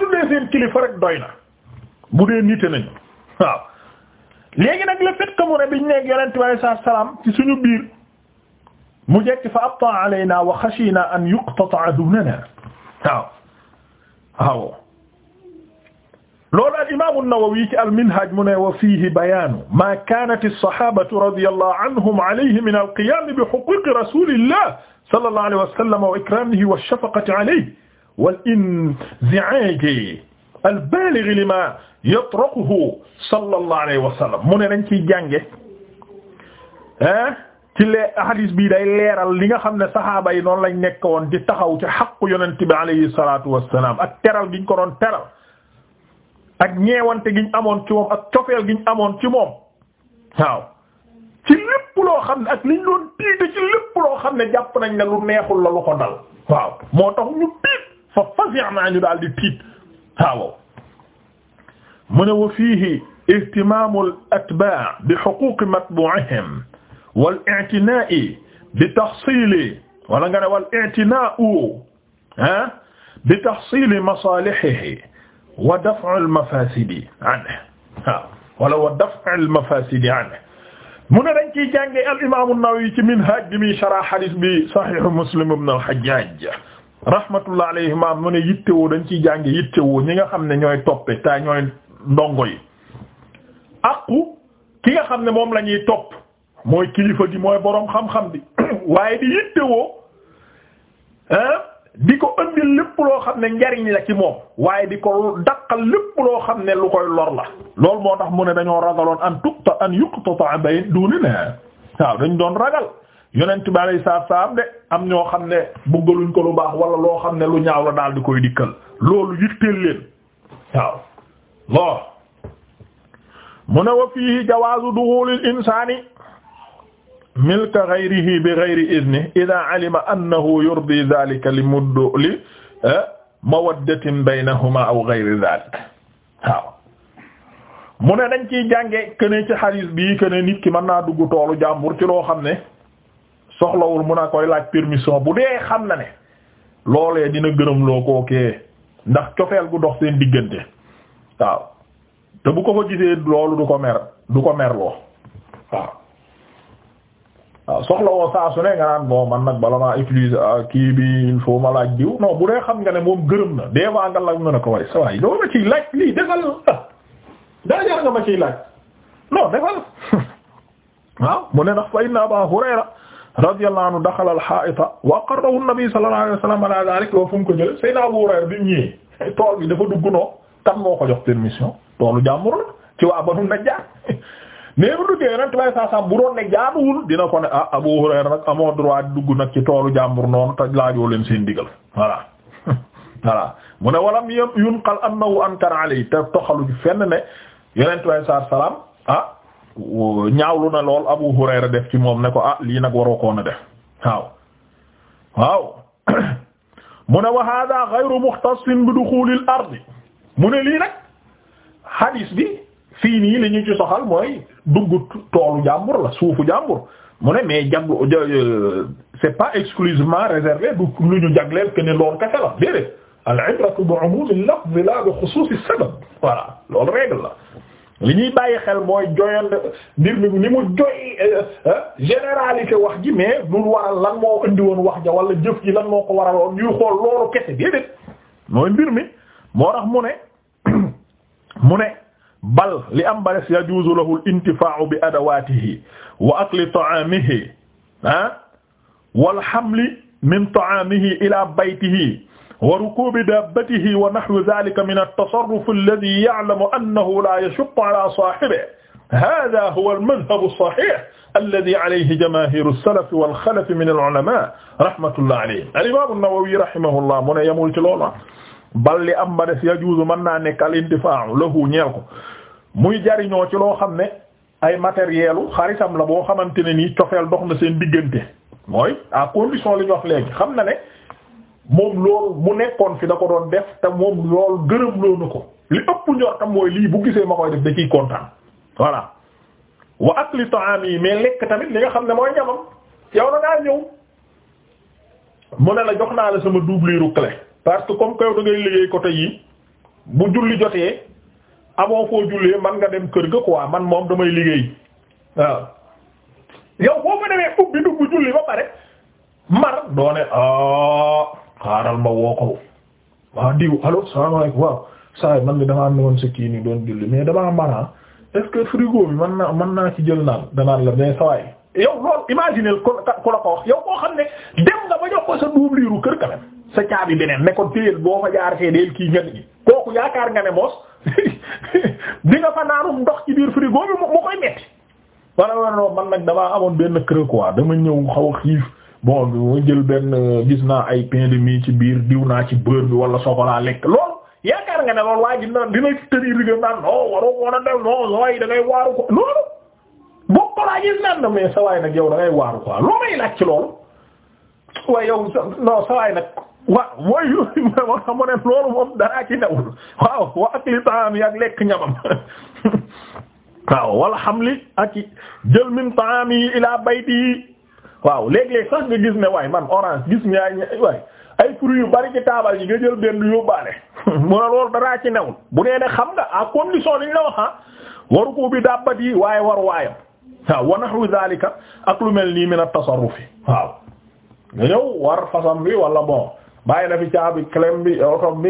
tuddee seen kilifa rek doy na bu dee nite nañu waaw léegi nag le fait que mu ne biñ nekk yonent bi alayhi salaatu salaam ci suñu biir mu jekk fa abta alaynaa wa xashiinaa an yuqtata'a duunanaa waaw waaw loolu al imaam an-Nawawi ci al-Minhaaj mu ne wa fiihi bayaanu maa kaanat as-sahaabatu radiyallahu anhum alayhi min al-qiyaam bi huquuqi rasuulillah sallallahu alayhi wa sallam wa ikraamihi wa shafaqati alayhi wal inzi'aji al baligh lima yatraquhu sallallahu alayhi wa sallam mu ne dañ ciy jànge ah ci le hadis bi day leeral li nga xam ne saxaaba yi noonu lañ nekk woon di taxaw ci xaqu yonent bi alayhi salatu wassalam ak teral giñ ko doon teral ak ñeewante giñ amoon ci moom ak cofeel giñ amoon ci moom waaw ci lépp loo xam ne ak liñ doon tiite ci lépp loo xam ne jàpp nañ ne lu neexul la lu ko waaw moo tax ñu tiit fa fasi'na ñu daal di tiit waaw mu ne wa fiihi ihtimaamu al-atbaa' bi huquuqi matbuu'ihim wal i'tinaa'i bi tahsiili wala nga ne wal i'tinaa'u ah bi tahsiili masaalihihi wa daf'il mafaasidi anhu waaw wala wa daf'il mafaasidi anhu mu ne dañ ciy jàngee al-imaam an-Nawawi ci Minhaaj bi muy sharh hadiis bi Sahiih Muslim ibn al-Hajjaaj rahmatullah alayhima mu ne yittewoo dañ ciy jànge yittewoo ñi nga xam ne ñooy toppe ta ñooy ndongo yi aqu ki nga xam ne moom lañuy topp mooy kilifa gi mooy boroom xam-xam bi waaye di yittewoo di ko ëndil lépp loo xam ne njariñ la ci moom waaye di ko daqal lépp loo xam ne lu koy lor la loolu moo tax mu ne dañoo ragaloon an tukta an yuqtata bayn dunina waaw dañ doon ragal yonent bi alayhi de am ñoo xam ne bëggaluñ ko lu baax wala loo xam ne lu ñaaw la daal di koy dikkal loolu yitteel leen waaw lool mu ne wa jawaazu duxuulil insaani milka ghayrihi bi ghayri idni idaa alima annahu yurdi dhaalika li muddu li eh, mawaddatin baynahumaa aw ghayri dhaalik waaw mu ne dañ ciy jànge kene ci xadiis bii kene nit ki mën naa dugg toolu jàmbur ci loo xam ne soxlawul mun a koy laaj permission bu dee xam na ne loolee dina gërëmloo kookee ndax cofeel gu dox seen diggante waaw te bu ko ko gisee loolu du ko mer du ko merloo waaw waaw soxla saa su ne nga naan bon man nag bala maa utiliser ah, kii bi il faut ma laaj diw non bu dee xam nga ne moom gërëm na des fois nga laaj nga ne ko waaye sa waay loo ma ciy laaj lii defal daa nga ma ciy laaj non defal waaw mu ne ndax fa inna Abaa Hurayra radiyallahu anhu daxala al-haa'ita wa aqarrahu an ko jëlee Abu Hurayra bi mu ñëwee tool bi dafa toolu jàmbur la ci bu duggee ren dina ko ne ah, Abu Hurayra nag amoo droit dugg nag ci toolu jàmbur noonu te laaj leen seen digal voilà. voilà mu ne walam yunqal annahu ankara alayhi te toxalu fenn ne yeneen tubaab saa salaam ñaawlu na lool Abu Hurayra def ci moom ne ko ah lii nag waroo koon a def waaw mu ne wa hada ghayru mukhtassin bi dukhulil ardi mu ne lii nag bi fii nii li ñu ci soxal mooy dugg toolu jàmbur la suufu jàmbur mu ne mais jaglu euh, c'est pas exclusivement réservé du lu ñu al ibratu bi umumil lafz la bi khususis sabab voilà loolu li ñuy bàyyi xel mooy joyand mbir mi ni mu joy euh, euh, généralité wax ji mais lu waral lan moo indi woon wax ja wala jëf ji lan moo ko waraloon ñuy xool loolu kese déedéet mooy mbir mi moo tax mu ne mu ne bal li am bares yajuzu lahu l intifaau bi adawatihi wa akli ta'amihi ah wal hamli min ila baytihi wa rukuubi daabatihi wa naxwi zaalika mina tasarrufi allazii ya'lamu annahu laa yashuqqa alaa saahibihi haaza huwa al-madhabu as-sahiih allazii alayhi jamaahiiru as-salafi wal-xalafi mina al-ulamaa rahmatullahi alayhim. al-imaam an-Nawawi rahimahullah mu ne yemul ci loolu bal li am ba des yajuuzu mën naa nekk al-intifaa'u lahu ñeel ko muy jariñoo ci loo xam ne ay matériel u xaritam la boo xamante ne nii cofeel dox na seen diggante mooy à condition li ñu wax léegi xam na ne. moom loolu mu nekkoon fi da ko doon def te moom loolu gërëm loo ko li ëpp ñor tam mooy lii bu gisee voilà wa akli ta'ami yi mais lekk tamit li nga xam ne mooy ñamam yow na ngaa ñëw mu ne la jox naa la sama doublure clé parce que comme kaw da ngay liggéey côté yi bu julli jotee amoo foo jullee man nga dem kër ga quoi man moom damay liggéey waaw yow boo ma demee ubbi dugg julli ba pare mar doone ah xaaral ma woo ko waa diw allo salaamaaleykum waaw saa man ni damaa am woon sa kii nii doon julli mais damaa mara est-ce que frigo bi mën naa mën naa ci jël naan danaan la mais sawaay yow loolu imaginer ku ku la ko wax yow koo xam kër quand même sa caabi beneen ne ko téyel boo fa jaar see kii nga nii kooku yaakaar nga ne moos di fa naanum ndox ci biir frigo bi mu koy metti wala wala man nag damaa amoon benn creux quoi dama ñëw xaw a xiif. bon ma jël benn euh, gis naa ay pain ci biir diw naa ci beurre bi wala chocolat lekk loolu yaakaar ko loolu bokkalaa loolu waaye yow non ne loolu moom lekk jël min taam yi ilaa bayti waaw léeg-léeg sax nga gis ne waaye man orange gis nga waay ay fruits yu bari ci taabal yi nga jël benn yóbbaale mu ne loolu daraa ci newul bu nee ne xam nga à condition liñ la wax ah waru bi dàbbat yi waaye war waayam waaw wa nahwu ak lu mel nii min at-tasarruf waaw nga ñëw war façon bi wala bon bàyyi na fi caabi clem bi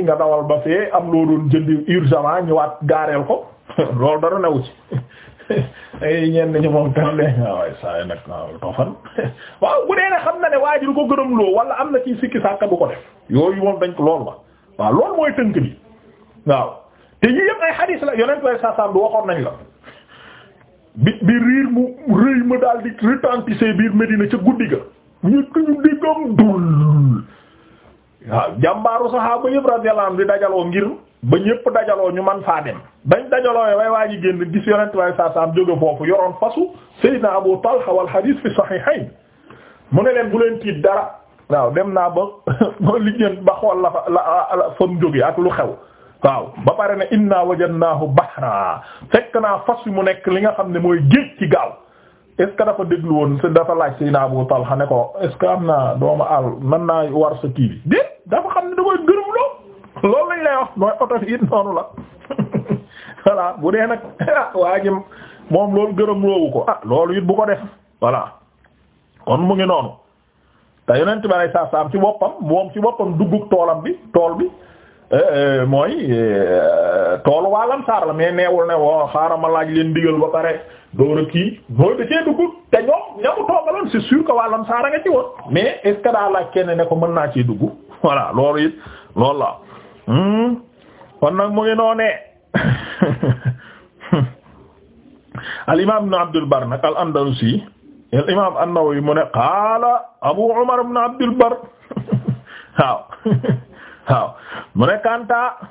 nga dawal ba fee am loo doon jëndi urgemment ñëwaat gaareel ko loolu dara new ci ay ñenn ñi moom tam ne ah, waaye saa nag waaw ah, tofan waaw bu ne xam na ne waa ji du ko gërëm loo wala am na ci sikki sàkka du ko def yooyu moom dañ ko lool la waaw loolu mooy tënk bi waaw te yi yëpp ay xadiis la yonent way sasam du waxoon nañ la bi bi riir mu rëy ma daal di retentissé biir Medina ca guddi ga ñu tuñu diggam dul waaw jàmbaaru saxaaba yëpp radiyallahu anhu di dajaloo ngir ba ñépp dajaloo ñu man faa dem bañ dajaloo way waa ji génn gis yonent waaye saa saam jóge foofu yoroon fasu naa Abu Talha wal hadith fi sahihayn mu ne leen bu leen tiit dara waaw dem naa ba ba liggéen ba xool la fa la fa mu jóge ak lu xew waaw ba pare ne inna wajadnaahu bahra fekk naa fas wi mu nekk li nga xam ne mooy géej ci gaaw est-ce que dafa déglu woon dafa laaj Seydina Abu Talha ne ko est-ce que am naa doomu àll mën naa war sa kii bi déet dafa lool la lay wax mooy oto it noonu la voilà bu dee nag waa ji moom loolu gërëm loowu ko ah loolu it bu ko def voilà kon mu ngi noonu te yonent bi alay saa saam ci boppam moom ci boppam duggug toolam bi tool bi eh, eh, mooy eh, toolu waa lamsaar la mais neewul ne woo oh, xaaral ma laaj leen digal ba pare door a kii mooy da cee dugg te ñoom ña mu toogaloon c'est sûr que waa lamsaar nga ci woon mais est-ce que daa laaj ne ko mën naa ciy dugg voilà loolu it loolu la Hmm? kon nag mu ngi noonee al imaam ibn Abdul Bar nag al Andalusi al imaam an-Nawawi mu ne qaala Abu Umar ibn Abdul Bar waaw waaw mu ne Kanta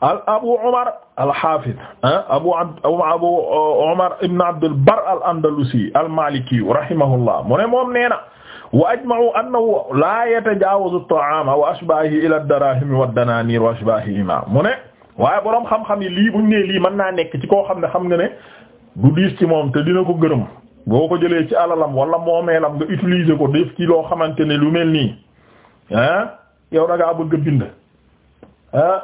al Abu Umar al Haafid ah, Abu Abu uh, Umar ibn Abdul Bar al Andalusi al Maliki rahimahullah mu ne moom nee na wa ajma'u annahu la yatajaawazu at-ta'ama wa ashbahi ila dara darahim wa ad-dananir wa ashbahihima mu ne waaye boroom xam-xam yi lii buñ ne lii mën naa nekk ci koo xam ne xam nga ne du diis ci moom te dina ko gërëm boo ko jëlee ci alalam wala moomeelam nga utiliser ko def ci loo xamante ne lu mel nii ah yow da bëgg a bind ah,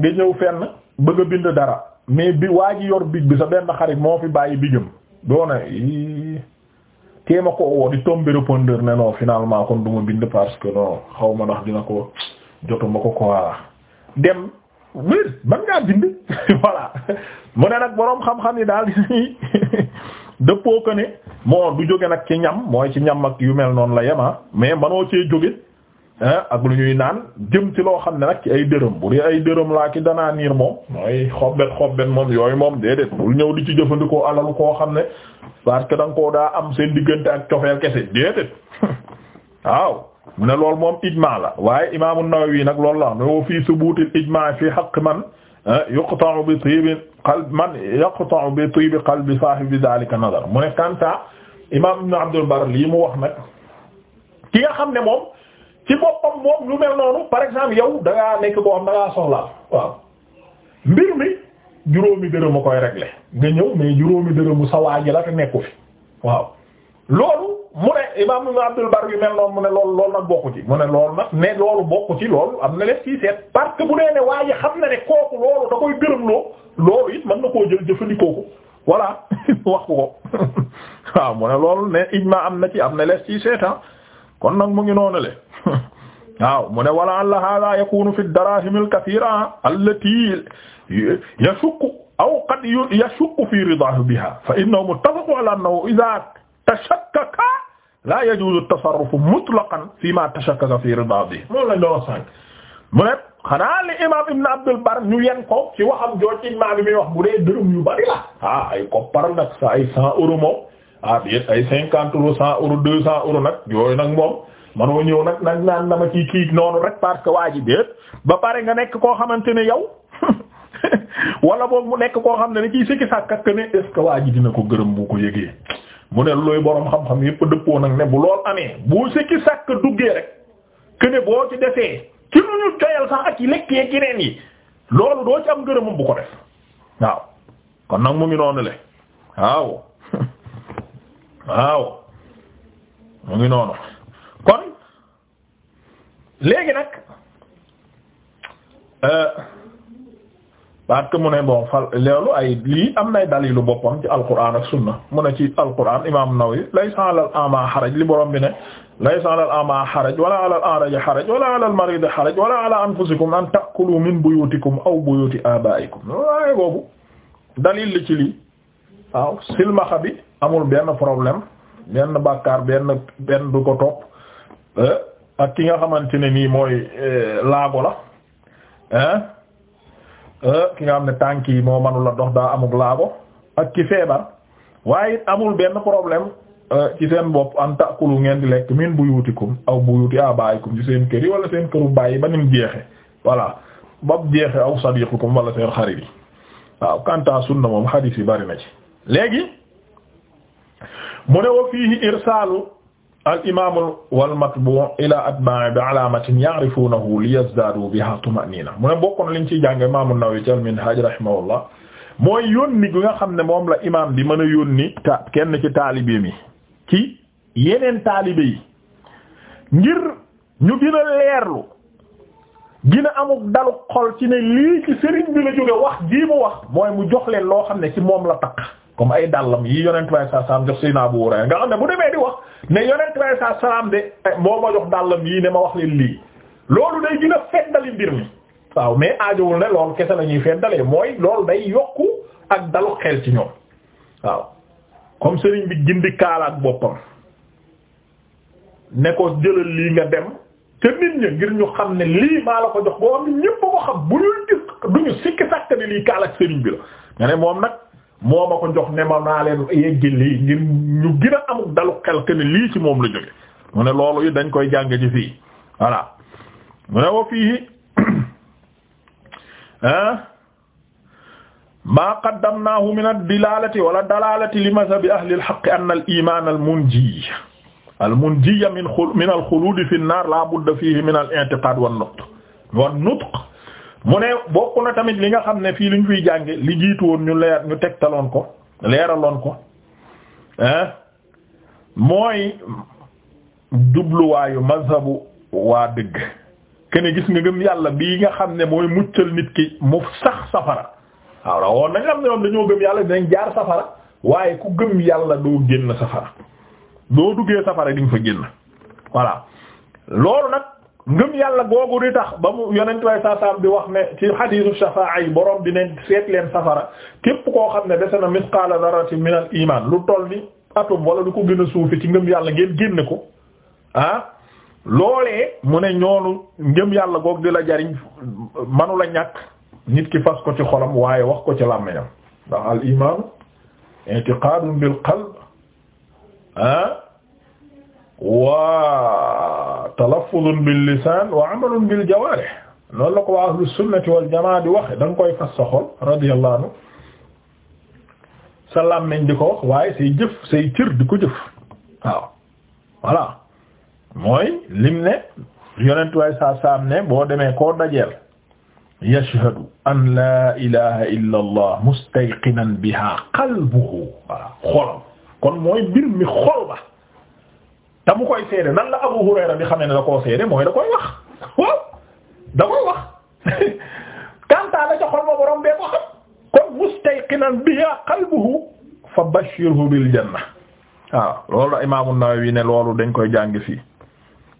nga ñëw fenn bëgg a bind dara mais bi waa ji yor big bi sa benn xarit moo fi bàyyi bigam doona téema ko woo di tombé répondeur ne non finalement kon du ma bind parce que non xaw ma ndax dina ko jotuma ko ko waa dem mu ne nag boroom xam-xam ni daal di dëppoo ko ne moo du jóge nag ci ñam mooy ci ñam ak yu mel noonu la yema ah. mais manoo cee jóge ah, ak lu ñuy naan jëm ci loo xam ne nag ci ay dërëm bu dee ay dërëm laa ki danaa niir moom mooy xobbet xobbet moom yooyu moom déedéet bul ñëw di ci jëfandikoo alalu koo xam ne parce que da daa am seen diggante ak cofeel kese déedéet waaw mu ne loolu moom ijmaa la waaye imaamu Nawawi nag loolu la no fii subuutil ijmaa fi haqq ah, man yuqta'u bi tibi qalb man yuqta'u bi tibi qalbi saahibi zaalika nazar mu ne Kanta imaam Ibn Abdul Barr lii mu wax nag ki nga xam ne moom ci boppam moom lu mel noonu par exemple yow da ngaa nekk koo xam da mbir mi. juróomi dërëm a koy régler nga ñëw mais juróomi dërëmu sa waa la te nekku fi waaw loolu mu ne imaam Ibn Abdul Barr yu mel noonu mu ne loolu loolu nag bokku ci mu ne loolu ne loolu bokku ci loolu am na les ci seet parce que bu dee ne waa xam na ne kooku loolu da koy gërëm loo loolu it mën na koo jël jëfandikoo ko voilà wax ko waaw mu ne loolu ne ijma am na ci am na les ci seet ah. kon nag mu ngi noonu le waaw mu ne wala alla hada yakunu fi darahim al yashukku aw qad yashukku fi ridaahu biha fa innahu muttafaqun ala annahu idha tashakkaka la yajuzu at-tasarrufu mutlaqan mu ne xanaa li imaam Ibn Abdul Bar ñu yen ko ci waxam jooju imaam bi wax bu dee yu bari la ah ay koppar nag sa ay cent euros moom ah déet ay cinquante euros cent euros deux cent euros nag yooyu nag moom manoo ñëw nag nag naan na ma ci kii noonu rek parce que waa ji déet ba pare nga nekk koo xamante ne yow wala boog mu nekk koo xam ne da ciy sikki sàkka que ne est-ce que dina ko gërëm bu ko yëgee mu ne looy borom xam-xam yépp dëppoo nag ne bu lool amee bu sikki sàkka duggee rek que boo ci defee ci lu ñu doyal sax ak yi lekk yeeg yeneen yi loolu doo ci am gërëmam bu ko def waaw kon nag mu ngi noonu le waaw waaw mu ngi noonu kon léegi nag. Euh, parce mu ne bon fal loolu ay lii am nay dalilu boppam ci alquran ak sunna mu ne ci alquran imaam Nawawi laysa alal ama xaraj li borom bi ne laysa alal ama xaraj wala alal araji xaraj wala alal maridi xaraj wala ala anfusikum an taakulu min buyutikum aw buyuti abaikum waaye boobu dalil li ci lii waaw silmaxa bi amul benn problème benn bàkkaar benn benn du ko topp eh, ak ki nga xamante ne nii mooy eh, laago la eh? Euh, ki nga am ne tànk yi moo manula dox daa amul laabo ak ki feebar waaye amul benn problème euh, ci seen bopp an taakulu ngeen di lekk min buyutikum aw buyuti abaayikum ci seen kër yi wala seen këru baay yi ba nim jeexe voilà ba jeexe aw sadiqukum wala seen xarit yi waaw kanta sunna moom xadiis yi bari na ci léegi mu ne wa fiihi irsaalu al imaamul wal matbu' ila atba'i bi alaamatin ya'rifunahu liyazdaadu biha tuma'nina mu ne bokkoon liñ ciy jàng imaam an-Nawawi ci al-Minhaj rahimahullah mooy yónni gi nga xam ne moom la imaam bi mën a yónni ta kenn ci taalibe mi ci yeneen taalibe ngir ñu gën leerlu gën amuk dalu xol ci ne lii ci sëriñ bi la jóge wax jii mu wax mooy mu jox leen loo xam ne ci moom la takk comme ay dàllam yi yonent bi saa salaam jox Seydina Abu Hurayra nga xam ne bu demee di wax ne yonent bi saa de eh, moo ma jox dàllam yii ne ma wax leen lii loolu day gën a feddali mbir mi waaw mais aajowul ne loolu la ñuy feddalee mooy loolu day yokku ak dalu xel ci ñoom waaw comme sëriñ bi gindi kaalaat boppam ne ko jëlal lii nga dem te nit ña ngir ñu xam ne lii maa la ko jox boo xam ñépp ko xam bu ñuy gis duñu sikki sàkk ne lii kaalaat sëriñ bi la nga ne moom nag. moo ma ko jox ma naa leen yeggi lii ngir ñu gën a amul ci moom la jóge mu ne loolu yi dañ koy jàng ci fii voilà mu ne wa fii ah maa qaddamnaahu min ad-dilalati wala dalalati li madhabi ahli al-haqq anna al-iman min min fi an la budda fihi min al-i'tiqad wan mu ne bokk na tamit li nga xam ne fii luñ fiy jànge li jiitu woon ñu leer ñu tegtaloon ko leeraloon ko ah mooy jubluwaayu mazhabu waa dëgg kene gis nga ngëm yàlla bii nga xam ne mooy muccal nit ki mu sax safara waaw la woon nañ xam ne moom dañoo gëm yàlla dinañ jaar safara waaye ku gëm yàlla doo génn safara doo duggee safara di nga fa génn voilà loolu nag ngëm yàlla googu di tax ba mu yonent way saasaam bi wax ne ci xadiisu safaa yi borom dinañ seet leen safara képp koo xam ne dese na misqaala darati min al iman lu toll ni atum wala lu ko gën a suufi ci ngëm yàlla ngeen génne ko ah loolee mu ne ñoonu ngëm yàlla goog di la jariñ manu la ñàkk nit ki fas ko ci xolam waaye wax ko ci làmmiñam ndax al imaanu i'tiqaadun bil qalb ah wa talaffuzun bil lisaan wa amalun bil jawaarih noonu ko ahlu sunnati wal jamaa di waxe da nga koy fas sa xol radiyallahu anhu salaam nañ di ko wax waaye say jëf say cër di ko jëf waaw voilà mooy lim ne waaye saa saam ne boo demee koo dajeel yashhadu an laa ilaha illa kon mooy mbir mi xol te mu koy seede nan la Abu Hurayra bi xamee ne da koo seede mooy da koy wax waaw wax kantaa la ca xol ma borom bee ko xam kon mustayqinan biha qalbuhu fa bashirhu bil janna waaw loolu la Imaam ne loolu dañ koy jàng fii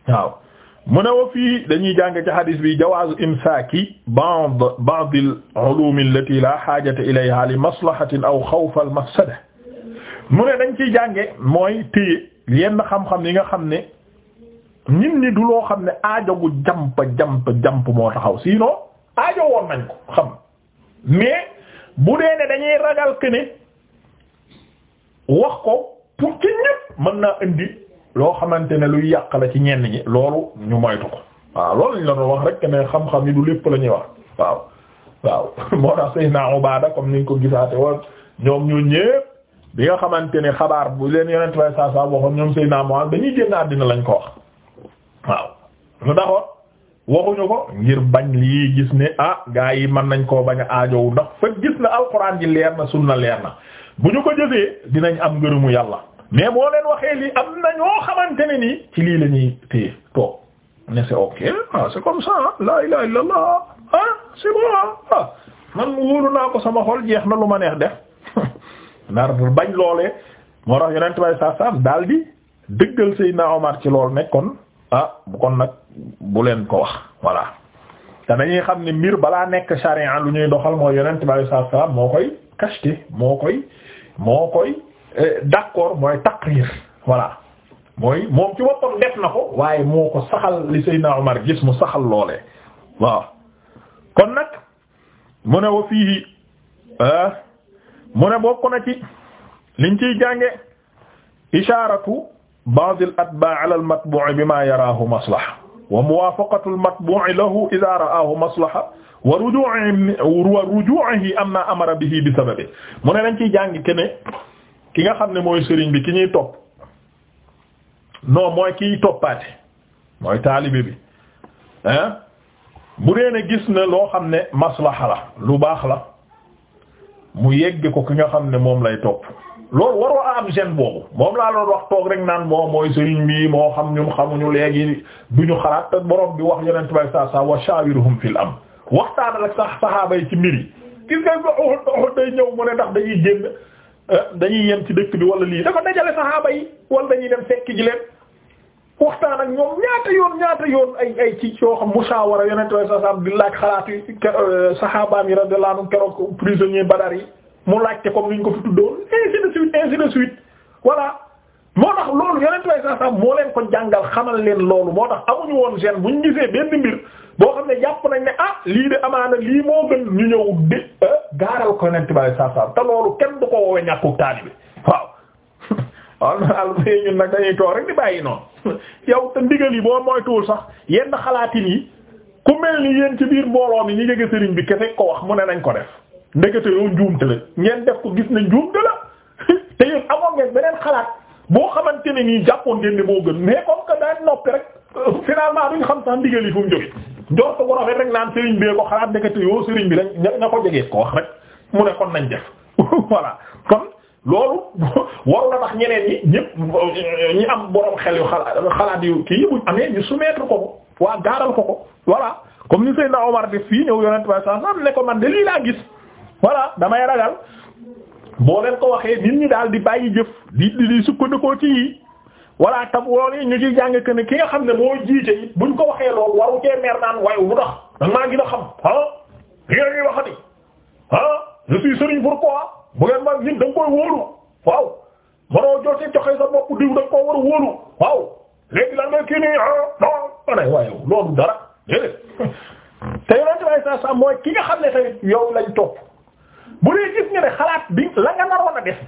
wa fii dañuy jàng ci hadis bi jawaazu imsaaki ba'd ba'd al-ulum allati la haajata ilayha li maslahatin aw xawfa al-mafsada mu ne dañ ciy yenn xam-xam yi nga xam ne ñin ni du loo xam ne aajo gu jamp jàmp jamp moo taxaw sinon aajo woon nañ ko xam mais bu dee ne dañuy ragal que wax ko pour ci ñépp mën naa indi loo xamante ne luy yàq la ci ñenn ñi loolu ñu moytu ko waaw loolu lañ la doon wax rek ne xam-xam yi du lépp la ñuy wax waaw waaw moo tax Seydina Ubaada comme niñ ko gisaate woon ñoom ñu ñépp bi nga xamante ne xabaar bu leen yonent bay saa saa waxoon ñoom Seydina Mu'aaz dañuy génn àddina lañ ko wax waaw lu taxoon waxuñu ko ngir bañ lii gis ne ah gaa yi mën nañ koo bañ a aajowu ndax fa gis na alxuraan ji leer na sunna leer na bu ñu ko jëfee dinañ am ngërëmu yàlla mais boo leen waxee lii am na ñoo nii ci lii la téye toog ne c'est ok ah c'est comme ça ah, la ilaha illallah ah, ah. man mu naa ko sama xol jeex na lu ma neex def nar bañ loolee moo tax yonent bay saa saam daal di dëggal Seydina Omar ci lool nekkoon ah kon nag bu leen ko wax voilà te dañuy xam ne mbir balaa nekk charia lu ñuy doxal mooy yonent bay saa saam moo koy kashte moo koy moo koy eh, d'accord mooy taqrir voilà mooy moom ci boppam def na ko waaye moo ko saxal li Seydina Omar gis mu saxal loolee waaw kon nag mu ne wa fii ah, mu ne bokk na ci liñ ciy jànge isharatu ba'd al-atba' ala al-matbu' bima yaraahu maslaha wa muwaafaqatu al-matbu' lahu idha ra'aahu maslaha wa rujuu'ihi wa rujuu'ihi amma amara bihi bi sababi mu ne dañ ciy jàng ke ne ki nga xam ne mooy sëriñ bi ki ñuy topp non mooy kiy toppaate mooy taalibe bi hein bu dee ne gis na loo xam ne maslaha la lu baax la mu yegg ko ki nga xam ne moom lay topp loolu waroo am gene boobu moom laa doon wax toog rek naan moom mooy sëriñ bi moo xam ñun xamuñu léegi du ñu xalaat te borom bi wax yeneen bay saa saa wa shawiruhum fil am waxtaanal ak sax saxaaba yi ci mbir yi gis nga Uhud day ñëw mu ne ndax dañuy génn eh, dañuy yem ci dëkk bi walla lii dafa dajale saxaaba yi wala dañuy dem fekk ji leen. waxtaan ak ñoo ñaata yoon ñaata yoon ay ay ci yoo xam musaawara yonent way sasam di laaj xalaat yi euh, saxaabaam yi radiyallahu anhum keroog prisonnier Badar yi mu laajte comme ni ñu ko fi tuddoon ainsi de suite ainsi de suite voilà moo tax loolu yonent way sasam moo leen ko jàngal xamal leen loolu moo tax amuñu woon gene bu ñu gisee benn mbir boo xam ne jàpp nañ ne ah lii de amaana lii moo gën ñu ñëw di euh, gaaral ko yonent way sasam te loolu kenn du ko woowe ñàkkuk waaw alfee ñun nag dañuy toog rek di bàyyi noonu yow te ndigal yi boo moytuwul sax yenn xalaatin yi ku mel ni ci biir mbooloo mi ñu jege sëriñ bi kese ko wax mu ne nañ ko def ndekete yoo njuumte la ngeen def ko gis na njuumte la te yéen amoon ngeen beneen xalaat boo xamante ne nii jàppoon ngeen ne moo gën mais comme que daan noppi rek finalement duñ xam sax ndigal yi fu mu jógee njort ko rafet rek naan sëriñ bee ko xalaat ndekete yoo bi lañ ña ko jegee ko wax rek mu ne kon nañ def voilà kon. loolu waru na tax ñeneen ñi ñëpp ñi am borom xel yu xalaat yu kii buñ amee ñu soumettre ko ko waa gaaral ko ko voilà comme ni Seydina Omar def fii ñëw yonent ba saa ne ko man de lii laa gis voilà damay ragal boo leen ko waxee nit ñi daal di bàyyi jëf di di sukkandikoo ci yi voilà tam loolu yi ñu ci jàng que ne ki nga xam ne moo jiite it buñ ko waxee loolu waru cee mer naan waaye wu tax danga maa gën a xam ah li nga ñuy waxati ah je suis sëriñ pourquoi bu leen man ñun da nga koy wóolu waaw manoo joxe joxe sa bopp diw da nga war a wóolu waaw léegi lan ngay kii nii ah non ma ne mooy ki nga xam ne tamit yow lañ topp bu dee gis nga xalaat bi la nga naroon a def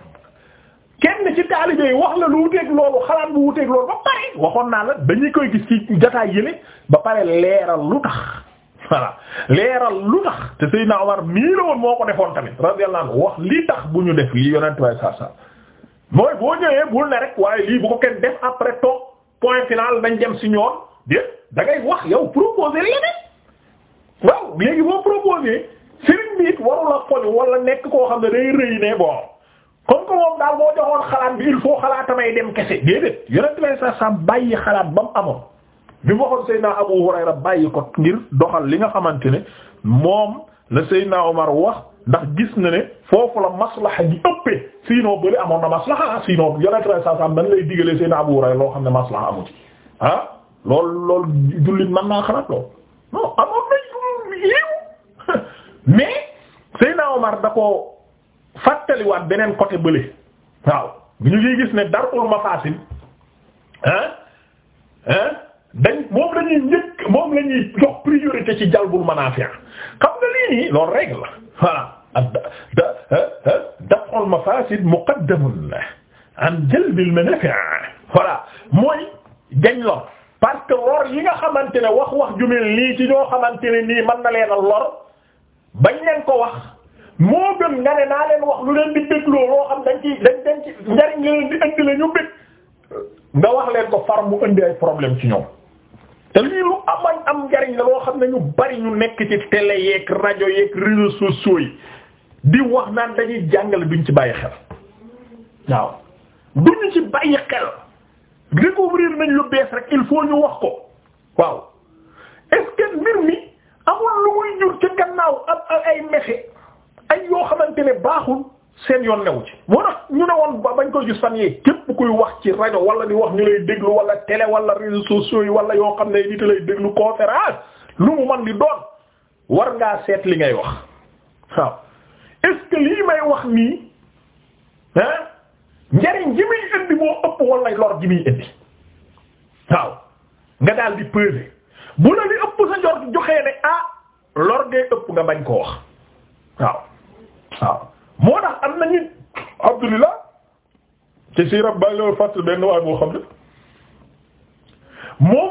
kenn ci taalibe wax la lu wuteeg loolu xalaat bu wuteeg loolu ba pare waxoon naa la dañuy koy gis ci jotaay yële ba pare leeral lu tax. voilà leeral lu tax te Seydina na mii la moo ko defoon tamit radiyallahu anhu wax li tax bu ñu def lii yonent way saa saa mooy boo ñëwee bul na rek waaye lii bu ko kenn def après toog point final dañ dem si ñoom déet da ngay wax yow proposer leneen waaw léegi boo proposer sëriñ bi it warul a foñ wala nekk koo xam ne day rëy ne bon comme que moom daal boo joxoon xalaat bi il faut xalaatamay dem kese déedéet yonent way saa saa bàyyi xalaat ba mu amoon. bi mu waxoon Seydina Abu Hurayra bàyyi ko ngir doxal li nga xamante ne moom la Seydina Omar wax ndax gis na ne foofu la maslaha gi ëppee sinon bële amoon na maslaha sinon yonetrae sa sam dañ lay digalee Seydina Abu Hurayra loo xam ne maslaha amu ci ah loolu loolu jullit mën naa xalaat loolu non amoon na yiw mais Seydina Omar da ko fàttaliwaat beneen côté bële waaw ñu ngi gis ne darul mafasin ah ah dañ moom la ñuy njëkk moom la ñuy jox priorité ci jalbul manaafi' xam nga lii nii loolu règle la voilà da daf'ul mafasid muqaddamun an jalbil manaafi' voilà mooy dañ lor parce que lor yi nga xamante ne wax wax jumel lii ci ñoo xamante ne nii mën na leen a lor bañ leen ko wax moo gën nga ne naa leen wax lu leen di bégloo loo xam dañ ci dañ dañ ci njariñ leen di indi la ñu bég nga wax leen ko far mu indi ay problème ci ñoom te lii lu amañ am njariñ la loo xam ne ñu bari ñu nekk ci télé yeeg rajo yeeg réseaux sociaux yi di wax naan dañuy jàngale duñ ci bàyyi xel waaw duñu ci bàyyi xel découvrir nañ lu bees rek il faut ñu wax ko waaw est mbir mi amul lu muy jur ci gannaaw am ay mexe ay yoo xamante ne baaxul. seen yoon newu ci moo tax ñu ne woon ba bañ koy gis fan yee képp kuy wax ci rajo wala di wax ñu lay déglu wala télé wala réseaux sociaux yi wala yoo xam ne nit lay déglu conférence lu mu man di doon war ngaa seet li ngay wax waaw est-ce may wax nii ah njariñ ji muy indi moo ëpp wala lor ji muy indi waaw nga daal di peser bu la li ëpp sa njort joxee ne ah lor ngay ëpp nga bañ koo wax waaw waaw. moo tax am na ñu Abdullah ci si rab bàyyi loolu fàttali benn waay boo xam ne moom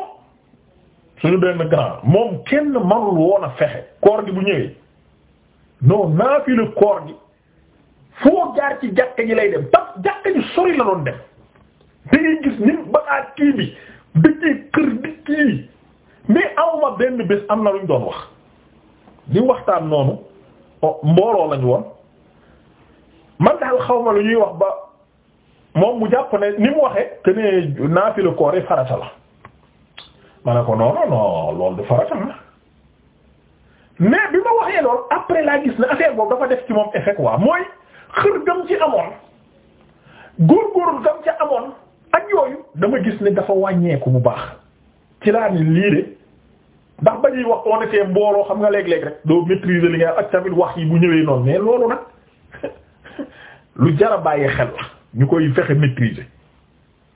suñu benn grand moom kenn manul woon a fexe koor gi bu ñëwee non naafilu koor gi foo jaar ci jàkka ji lay dem tax jàkka ji sori la doon dem da gis ni ba kii bi dëkkee kër dëkk yi mais awma benn bés am na luñ doon wax di waxtaan noonu oh, mbooloo lañu woon man daal xaw ma lu ñuy wax ba moom mu jàpp ne ni mu waxee que ne naafila koor yi farata la ma ne ko non non loolu du farata la mais bi ma waxee loolu après laa gis ne affaire boobu dafa def ci moom effet quoi mooy xër gam ci amoon góorgóorlu gam ci amoon ak yooyu dama gis ni dafa wàññeeku bu baax ci laa ni lii de ndax ba ñuy wax on était mbooloo xam nga léeg-léeg rek doo maîtriser li nga ak tamit wax yi bu ñëwee noonu mais loolu nag. lu jara bàyyi xel la ñu koy fexe maîtriser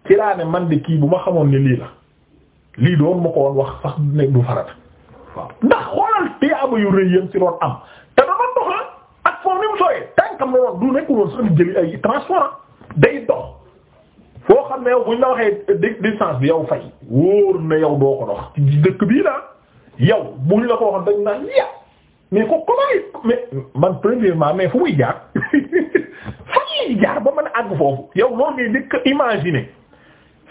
ci ne man di kii bu ma xamoon ne lii la lii doon ma ko woon wax sax ne du farata waaw ndax xoolal tiyaaba yu rëy yam ci doon am te doon dox ak foofu ni mu sooyee tànkam la du nekkul woon sax di jëli xam ne yow buñ la waxee distance bi yow dëkk bii la yow buñ la ko waxoon dañ naan ya mais ko comment mais man premièrement mais fu muy jaar la ñu jaar ba mën a foofu yow loolu ngay njëkk a imaginer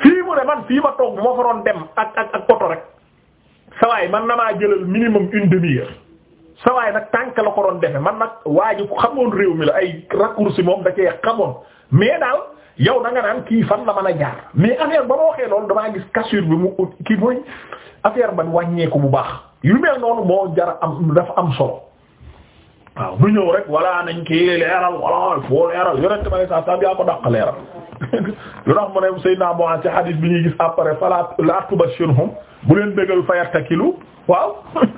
fii mu man fii ma toog bu ma fa doon dem ak ak ak oto rek sawaay man na maa jëlal minimum une demi sawaay nag tànk la ko doon defe man nag waa ji xamoon réew mi la ay raccourci moom da cee xamoon mais daal yow da nga naan kii fan la mën a jaar mais affaire ba ma waxee loolu damaa gis cassure bi mu kii mooy affaire ba wàññeeku bu baax yu mel noonu moo jar a am dafa am solo waaw bu ñëw rek walla nañ kii leeral walla foo leeral yonent ma ne saa saa yaa ko dàq leeral lu tax mu ne Seydina Mu'aaz ci hadith bi ñuy gis après fala la tubashshirhum bu leen bégal kilo waaw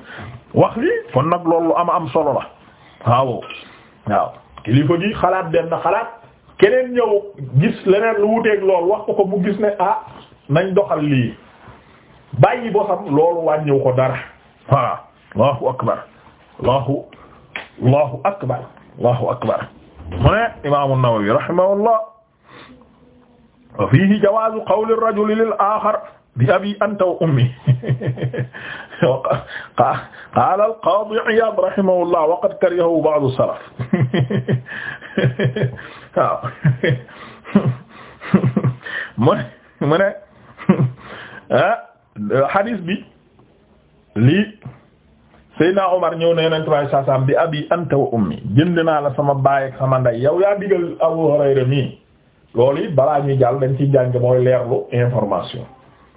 wax lii kon nag loolu am am solo la waaw waaw kilifa gi xalaat benn xalaat keneen ñëw gis leneen lu wuteeg loolu wax ko ko mu gis ne ah nañ doxal lii bàyyi bosam loolu wàññiw ko dara waaw Allahu akbar Allahu allahu akbar allahu akbar mu ne imaamu Nawawi rahimahullah wa fiihi jawaazu qawli rajuli lil aaxar bi abi anta wa ummi qaala al-qaadi Iyaad rahimahullah wa qad karihahu ba'du salaf waaw mu ne mu ne ah, hadiis bi lii Seydina Omar ñëw na yonent bi saa saam bi abi anta wa ummi jënd naa la sama baay ak sama nday yow yaa digal Abu Hurayra mii loolu it balaa ñuy jàll dañ ciy jàng mooy leerlu information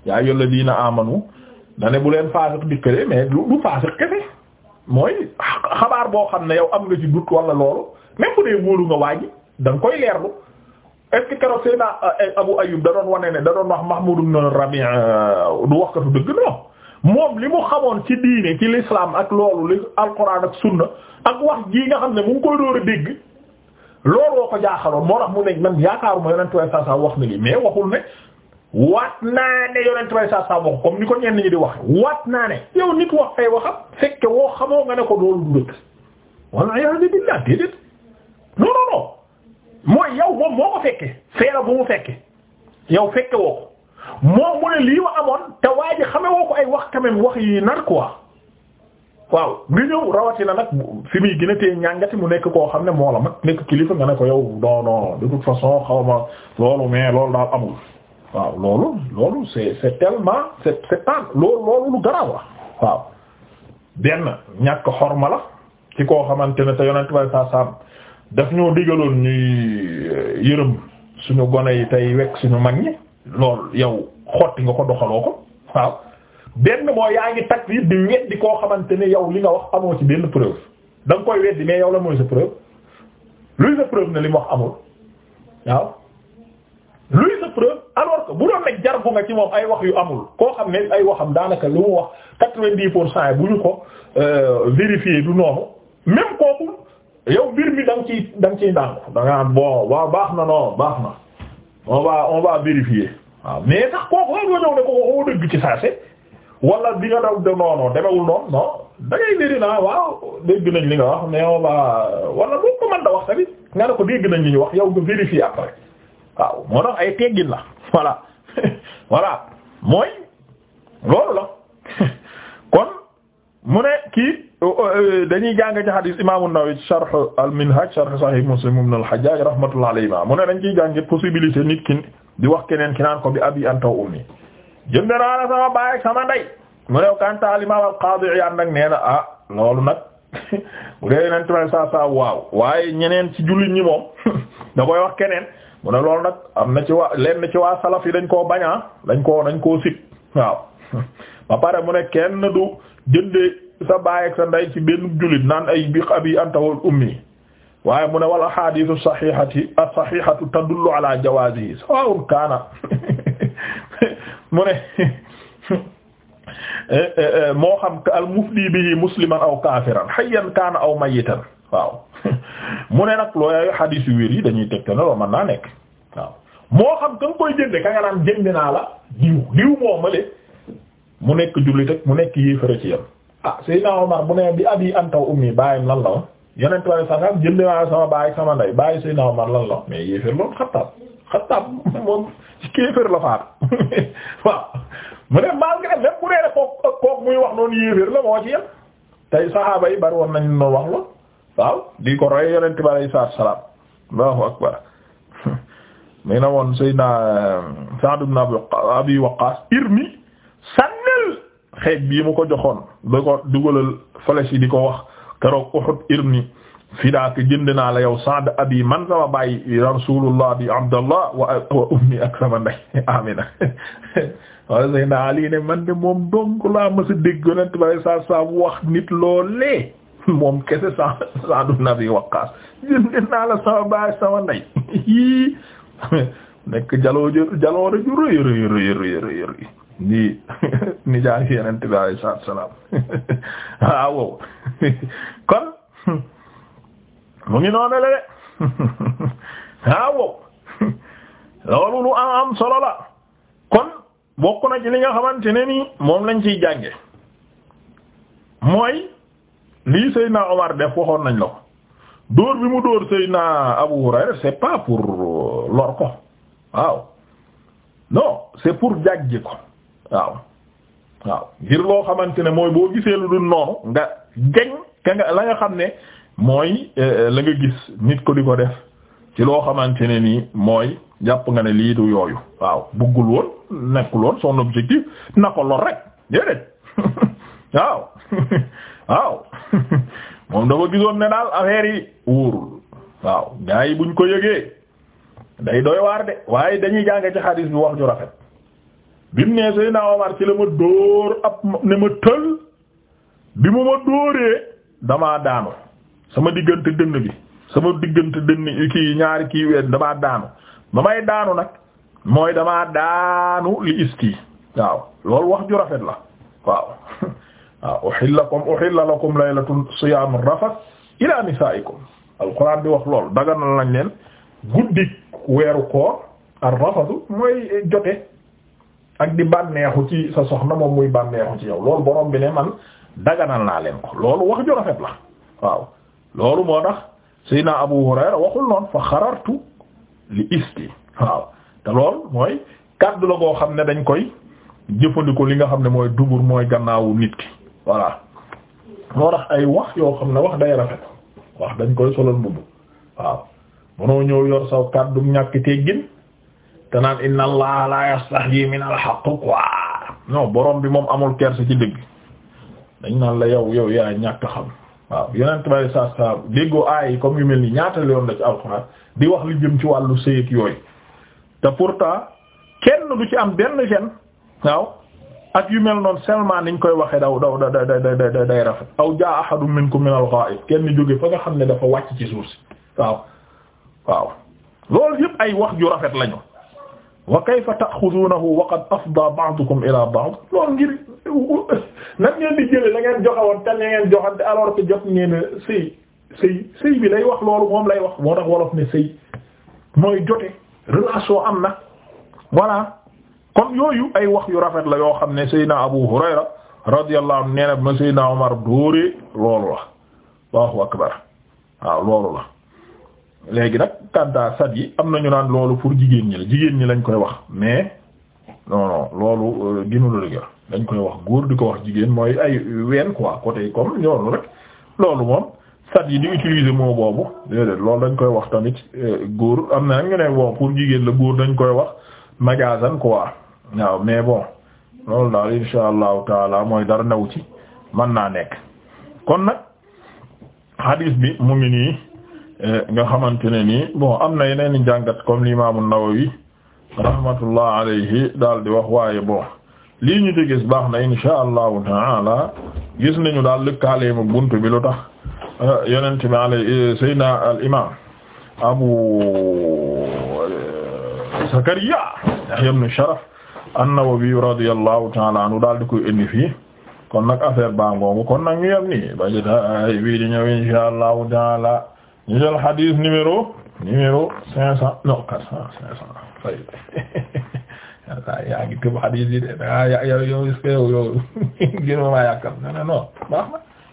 yaa yolla diina amanu na ne bu leen faasiq dikkale mais du faasiq kese mooy xabaar boo xam ne yow am nga ci dut wala loolu même bu dee wóolu nga waaji da nga koy leerlu est-ce que eh, Abu Ayyub da doon wane ne da doon wax Mahmud ibn euh, dëgg non moom li mu xamoon ci diine ci l'islam ak loolu li alquran ak sunna ak wax jii nga xam ne mu ngi koy door a dégg looloo ko jaaxaloon moo tax mu ne man yaakaaruma yonent way saa saa wax na lii mais waxul ne waat naa ne yonent way wax comme ni ko ñenn di waxe waat naa ne yow nit wax ay waxam fekke woo xamoo nga ne ko loolu du dëgg walla iyaazu billaah déedéet non non mooy yow moom moo ko fekke feera bu mu fekke yow fekke woo ko moom mu ne lii ma amoon te waa ji xame woo ko ay wax quand wax yi nar quoi waaw nga ñëw rawatina nag fi muy gën a ñàngati mu nekk koo xam ne moo la mag nekk kilifa nga ne ko yow non non de toute façon xaw loolu mais loolu daal amul waaw loolu loolu c'est c'est tellement c'est c'est pas loolu lu garaaw la waaw benn ñàkk xorma la ci koo xamante ne te yonent way sa sam daf ñoo digaloon ñuy euh, yërëm suñu gone yi tey wekk suñu mag ñi lool yow xotti nga ko doxaloo ko waaw benn mooy yaa ngi takk yit di weddi koo xamante ne yow li nga wax amoo ci benn preuve da nga koy weddi mais yow la mooy sa preuve luy sa preuve ne li mu wax amul waaw luy sa preuve alors que bu doon nag jar nga ci moom ay wax yu amul koo xam ne ay waxam daanaka lu mu wax quatre-vingt-dix pour cent bu ñu ko euh, vérifier du noonu même kooku yow mbir mi da ci ciy da nga ciy ndànk da nga waaw baax na non on va on va vérifier waaw mais tax nga ñëw ne ko waxoo dëgg ci wala bi nga daw de noonu demewul noonu non da ngay léegi naa waaw dégg nañ li nga wax mais on wala bu ko mën wax tamit nga ko dégg nañ li ñu wax yaw nga vérifier après waaw moo tax ay teggin la voilà voilà mooy loolu kon mu ne kii. Oh, oh, eh, dañuy jàng ci hadis imaamu Nawawi sharh al-Minhaj sharh Sahih Muslim ibn al-Hajjaj rahmatullah alayhi mu ne dañ ciy jànge possibilité nit di wax keneen ki naan ko bi abi anta wa ummi jënd naa la sama baay ak sama ndey mu ne kanta al-imaam al-Qaadi ah, loolu nag bu dee yonent bi waaw waaye ñeneen ci jullit ñi moom da koy wax keneen mu ne loolu nag am na ci waa lenn ci waa salaf yi dañ ko bañaa ah, dañ koo dañ koo sib waaw ba pare mu kenn du jëndee. sa baay ak sa ndey ci benn jullit naan ay bi abi anta wal ummi waaye mu ne wal ahadithu sahihati as-sahihatu tadullu ala jawazihi sawa'un kana mu ne eh, eh, eh, moo xam al mufdi bihi musliman aw kafiran hayyan kana aw mayitan waaw mu ne nag looy hadith yu wér yi dañuy teg te ne loolu mën naa nekk waaw moo xam ka nga koy jënde ka nga naan jënd naa la diw diw moomale mu nekk jullit ak mu nekk yéefare ci yam ah Seydina Omar bu ne bi abi anta ummi bàyyam lan la yonent wala sax am jënd sama baay sama ndey bàyyi Seydina Omar lan la woon mais yéeféer loolu xattaab xattaab moom kéeféer la faat waaw mu ne malgré muy wax noonu yéeféer la moo ci yem tey saxaaba bari woon nañu noonu wax la di ko roy yonent salaam Allahu akbar mi na woon Seydina Sa'd ibn Abi Waqqaas irmi xeej bii mu ko joxoon da ko dugalal flèche yi di ko wax keroog Uhud irni fidaak jënd naa la yow Sa'd abi man sama bàyyi rasulullah bi Abdallah wa ummi ak sama ndey Amina waaw Ali ne man de moom donc laa mës a dégg yonent ba saa saa wax nit loolee moom kese sa Sa'd ibn Abi Waqqas jënd naa la sama bàyyi sama ndey jaloo jaloore ju di nijaay yeneen bi alayhi salaatu salaam ah, waaw kon mu ngi noonu la de ah, waaw loolu lu am am solo la kon bokk na ci li nga xamante ne ni moom lañ ciy jànge mooy lii Seydina Omar def waxoon nañ la ko bi mu dóor Seydina Abu Hurayra c'est pas pour lor ko waaw c'est pour jàjji waaw waaw ngir loo xamante ne mooy boo gisee lu dul noonu nga jeng ka nga la nga xam ne mooy euh, la nga gis nit ko di ko def ci loo xamante ne nii mooy jàpp nga ne lii du yooyu waaw buggul woon nekkul woon son objectif na ko lor rek déedéet waaw waaw moom dafa gisoon ne daal affaire yi wóorul waaw gaa yi buñ ko yëgee day doy waar de waaye dañuy jàng ci xadis bi wax ju rafet bi mu nee Seydina Omar ci la ma dóor ab ne ma tël bi mu ma dóoree damaa daanu sama diggante dënn bi sama diggante dënn kii ñaari kii ween damaa daanu ba may daanu nag mooy damaa daanu li iski waaw loolu wax ju rafet la waaw waaw uhillakum uhilla lakum laylatun siyaam rafas ila nisaikum alquran bi wax loolu daganal nañ leen guddi weeru koor ar rafatu mooy jote ak di bànneexu ci sa soxna moom muy bànneexu ci yow loolu borom bi ne man daganal naa leen ko loolu wax ju rafet la waaw loolu moo tax Seydina Abu Hurayra waxul noonu fa xarartu li isti waaw te loolu mooy kàddu la goo xam ne dañ koy jëfandikoo li nga xam ne mooy dubur mooy gannaawu nit ki voilà moo tax ay wax yoo xam ne wax day rafet wax dañ koy solal mbubb waaw mënoo ñëw yor sa kàddu ñàkk teggin te naan inna allaha la yastahi min alhaq quoi non borom bi moom amul kersa ci dégg dañ naan la yow yow yaa ñàkk xam waaw yonent bay saa saa déggoo aay comme yu mel ni ñaata yoon la ci alxuraan di wax lu jëm ci wàllu sëyit yooyu te pourtant kenn du ci am benn gene waaw ak yu mel noonu seulement niñ koy waxee daw daw da da da day rafet aw jaa ahadun minkum min al-gha'ib kenn jóge fa nga xam ne dafa wàcc ci suuf si waaw waaw loolu yëpp ay wax ju rafet lañu wa kayfa ta'xuduunahu wa qad afdaa ba'dukum ilaa ba'd loolu ngir nan ngeen di jëlee la ngeen joxe woon tan la ngeen joxante alors que jox ngeen sëy sëy sëy bi lay wax loolu moom lay wax moo tax wolof ne sëy mooy jote relation am na voilà kon yooyu ay wax yu rafet la yoo xam ne Seydina Abu Hurayra radiyallahu anhu nee na ma Seydina Omar dóore loolu la Allahu akbar waaw loolu la léegi nag kanta sat yi am na ñu naan loolu pour jigéen ñi la jigéen ñi lañ koy wax mais non non loolu euh, gënula dëgër dañ koy wax góor di ko wax jigéen mooy ay ween quoi côté comme ñoonu rek loolu moom sat yi di utiliser mot boobu déedéet loolu dañ koy wax tamit euh, góor am na nag ñu ne bon pour jigéen la góor dañ koy wax magasin quoi waaw mais bon loolu daal insha allahu taala mooy dara naw ci man naa nekk kon nag hadis bi mu ngi nii nga xamante ne nii bon am na yeneen i jàngat comme l'imam an-Nawawi rahmatullah alayhi daal di wax waaye bon lii ñu gis baax na insha allahu taala gis nañu daal lëkkaaleema buntu bi lu tax euh, yonent bi alay euh, sayyidina al imam abu euh, Zakariya Yahya ibn Sharaf an-Nawawi radiyallahu taala anhu daal di koy indi kon nag affaire baa ngoogu kon nag ñu yem nii ba jotaay di ñëw insha allahu taala ñu jël hadith numéro numéro cinq cent non quatre cent cinq cent fay waaw yaa ngi tëb hadith yi de ah yow yow est-ce que yow yow gën ma maa yàqal non non non baax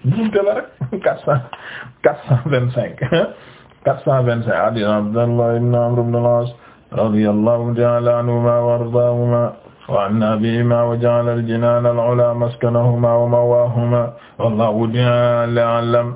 na jiite la rek quatre cent quatre cent vingt cinq quatre cent vingt cinq hadith Abdallah ibn Amr ibn al-As radiyallahu ta'ala anhuma wa ardaahuma wa an nabiyyihimaa wa ja'ala al-jinaana al-'ulaa maskanahuma wa ma'waahuma wallahu ta'ala a'lam